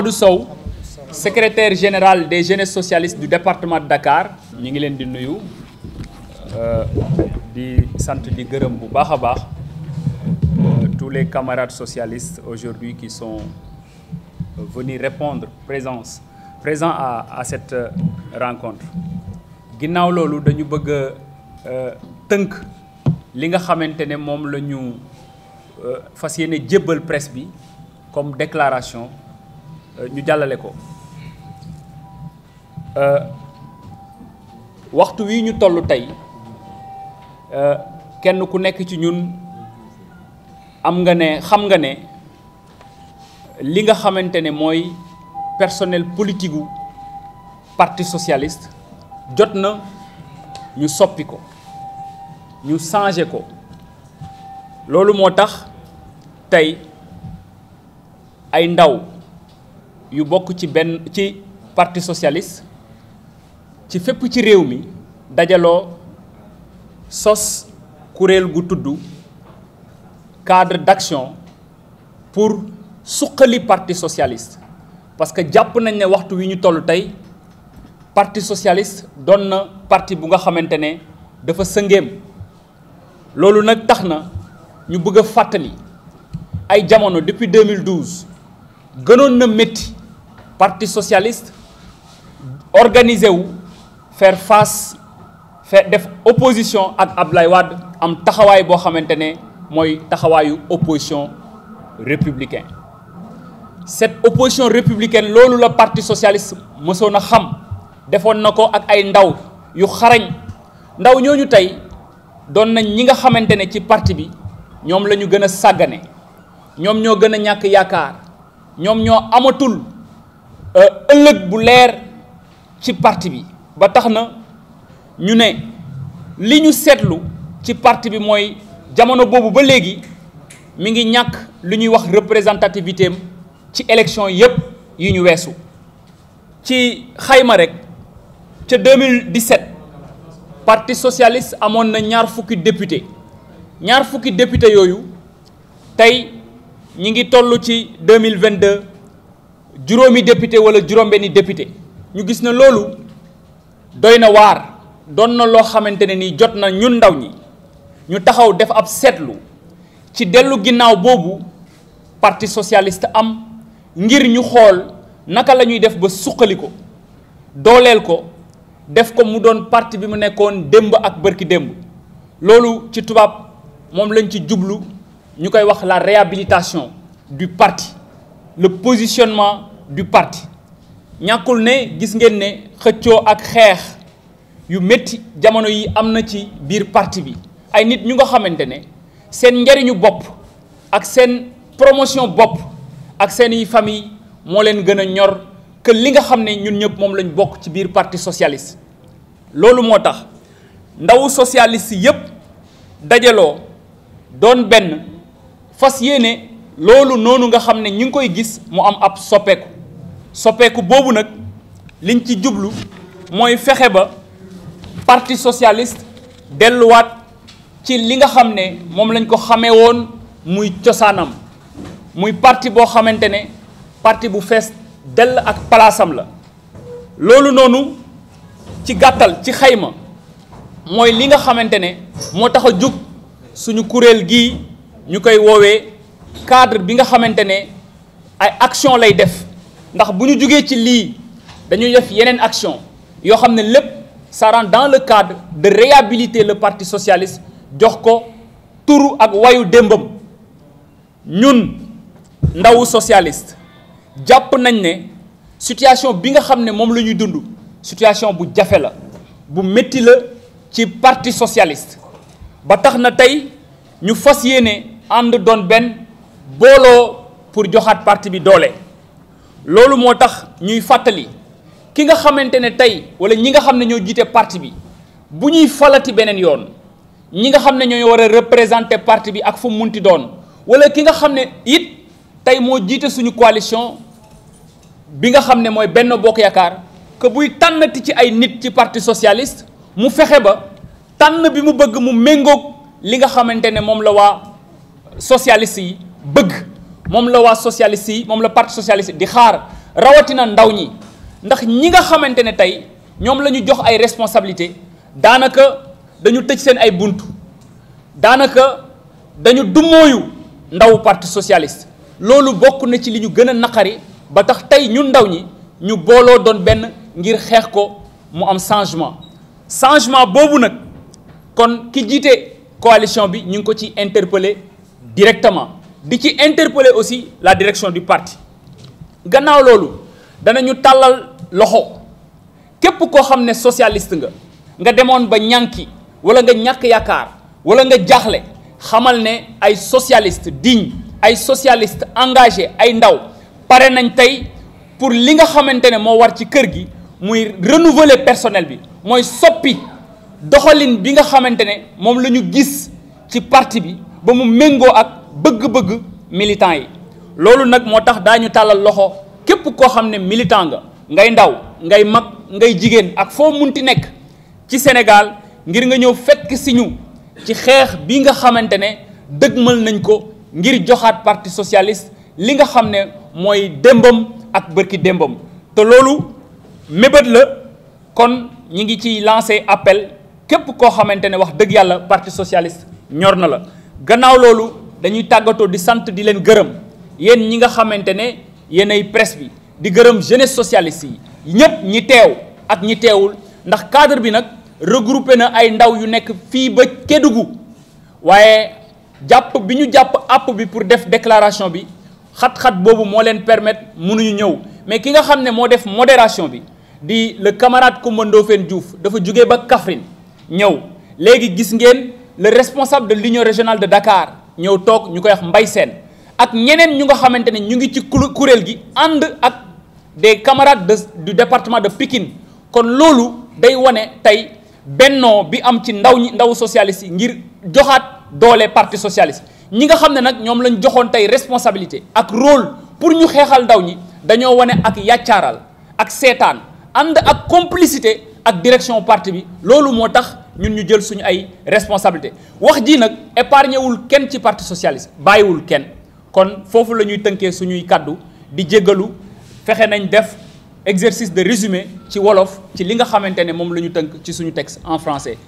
Amadou Sow secretaire général des jeunesses socialistes du département de Dakar ñu ngi leen di nuyu euh, di sant di gërëm bu baax a baax euh, tous les camarades socialistes aujourd'hui qui sont euh, venus répondre présence présents à à cette rencontre ginnaaw loolu dañu bëgg a tënk li nga xamante ne moom la ñu fas yéene jébbal presse bi comme déclaration Euh, ñu jàllale ko euh, waxtu wi ñu toll tey euh, kenn ku nekk ci ñun am nga ne xam nga ne li nga xamante ne mooy personnel politique gu parti socialiste jot na ñu soppi ko ñu changé ko loolu moo tax tey ay ndaw yu bokk ci benn ci parti socialiste ci fépp ci réew mi dajaloo sos kuréel gu tudd cadre d'action pour suqali parti socialiste parce que jàpp nañ ne waxtu wi ñu toll tey parti socialiste doon na parti bu nga xamante ne dafa sëngéem loolu nag tax na ñu bëgg a fàttali ay jamono depuis 2012 gënoon na métti parti socialiste organisé wu faire face faire def opposition ak Ablaye Wade am taxawaay boo xamante ne mooy taxawaayu opposition républicain cette opposition républicain loolu la parti socialiste mësoon a xam defoon na ko ak ay ndaw yu xarañ ndaw ñooñu tey doon nañ ñi nga xamante ne ci parti bi ñoom la ñu gën a sàggane ñoom ñoo gën a ñàkk yaakaar ñoom ñoo amatul Euh, ëllëg bu leer ci parti bi ba tax na ñu ne li ñu seetlu ci parti bi mooy jamono boobu ba léegi mu ngi ñàkk lu ñuy wax représentativité am ci élection yépp yi ñu weesu ci xayma rek ca 2017 parti socialist amoon na ñaar fukki député ñaar fukki député yooyu tey ñi ngi toll ci 2022 juróomi député wala juróom-benni député ñu gis na loolu doy na waar doon na loo xamante ne nii jot na ñun ndaw ñi ñu taxaw def ab seetlu ci dellu ginnaaw boobu parti socialiste am ngir ñu xool naka la ñuy def ba suqali ko dooleel ko def ko mu doon parti bi mu nekkoon démb ak bërki démb loolu ci tubaab moom lañ ci jublu ñu koy wax la réhabilitation du parti le positionnement du parti ñàkkul ne gis ngeen ne xëccoo ak xeex yu métti jamono yi am na ci biir parti bi ay nit ñu nga xamante ne seen njariñu bopp ak seen promotion bopp ak seeni famille moo leen gën a ñor que li nga xam ne ñun ñëpp moom lañ bokk ci biir parti socialiste loolu moo tax ndawu socialiste yépp dajaloo doon benn fas yéene loolu noonu nga xam ne ñu ngi koy gis mu am ab soppeeku soppeeku boobu nag liñ ci jublu mooy fexe ba parti socialist delluwaat ci li nga xam ne moom lañ ko xamee woon muy cosaanam muy parti boo xamante ne parti bu fees dell ak palaasam la loolu noonu ci gàttal ci xayma mooy li nga xamante ne moo tax a jug suñu kuréel gii ñu koy woowee cadre bi nga xamante ne ay action lay def ndax bu ñu jógee ci lii dañuy def yeneen action yoo xam ne lépp ça dans le cadre de réhabiliter le parti socialiste jox ko turu ak wayu démbam ñun ndawu socialiste jàpp nañ ne situation bi nga xam ne moom la ñuy dund situation bu jafe la bu métti la ci parti socialiste ba tax na tey ñu fas yéene ànd doon benn booloo pour joxaat parti bi doole. loolu moo tax ñuy fàttali ki nga xamante ne tey wala ñi nga xam ne ñoo jiite parti bi bu ñuy falati beneen yoon ñi nga xam ne ñoo war a représenter parti bi ak fu munti doon wala ki nga xam ne it tey moo jiite suñu coalition bi nga xam ne mooy benn Bokk Yaakaar que buy tànnati ci ay nit ci parti socialist mu fexe ba tànn bi mu bëgg mu méngoog li nga xamante ne moom la waa socialiste yi bëgg moom la waa socialiste yi moom la parti socialiste di xaar rawatina ndaw ñi ndax ñi nga xamante ne tey ñoom la ñu jox ay responsabilité daanaka dañu tëj seen ay bunt daanaka dañu dummóoyu ndaw parti socialiste loolu bokk na ci li ñu gën a naqari ba tax tey ñun ndaw ñi ñu booloo doon benn ngir xeex ko mu am changement changement boobu nag kon ki jiite coalition bi ñu ngi ko ci interpeller directement di ci interpeller aussi la direction du parti gannaaw loolu danañu tàllal loxo képp koo xam ne socialiste nga nga demoon ba ñànki wala nga ñàkk yaakaar wala nga jaaxle xamal ne ay socialiste digne ay socialiste engagé ay ndaw pare nañ tey pour li nga xamante ne moo war ci kër gi muy renouveler personnel bi mooy soppi doxalin bi nga xamante ne moom la ñu gis ci parti bi ba mu méngoo ak bëgg-bëgg militant yi loolu nag moo tax daañu tàllal loxo képp koo xam ne militant nga ngay ndaw ngay mag ngay jigéen ak foo mun ti nekk ci Sénégal ngir nga ñëw fekk si ñu ci xeex bi nga xamante ne dëgg dëgmal nañ ko ngir joxaat parti socialiste li nga xam ne mooy démbam ak bërki démbam te loolu mébét la kon ñi ngi ciy lancé appel képp koo xamante ne wax dëgg yàlla parti socialiste ñor na la gannaaw loolu dañuy tàggatoo di sant di leen gërëm yéen ñi nga xamante ne yéen ay presse bi di gërëm jeunesse socialiste yi ñëpp ñi teew ak ñi teewul ndax cadre bi nag regrouper na ay ndaw yu nekk fii ba Kédougou waaye jàpp bi ñu jàpp app bi pour def déclaration bi xat-xat boobu moo leen permettre munuñu ñëw mais ki nga xam ne moo def modération bi di le camarade Coumba Ndoffène Diouf dafa jóge ba Kaffrine ñëw léegi gis ngeen le responsable de l'union régionale de Dakar ñëw toog ñu koy wax mbay seen ak ñeneen ñu nga xamante ne ñu ngi ci kuréel gi ànd ak des camarades de du département de Pikine kon loolu day wane tey bennoo bi am ci ndaw ñi ndaw socialiste yi ngir joxaat doole parti socialiste ñi nga xam ne nag ñoom lañ joxoon tey responsabilité ak rôle pour ñu xeexal ndaw ñi dañoo wane ak yàccaaral ak seetaan ànd ak complicité ak direction parti bi loolu moo tax ñun ñu jël suñu ay responsabilité wax jii nag épargné wul kenn ci parti socialiste bàyyiwul kenn kon foofu la ñuy tënkee suñuy kàddu di jéggalu fexe nañ def exercice de résumé ci wolof ci li nga xamante ne moom la ñu tënk ci suñu texte en français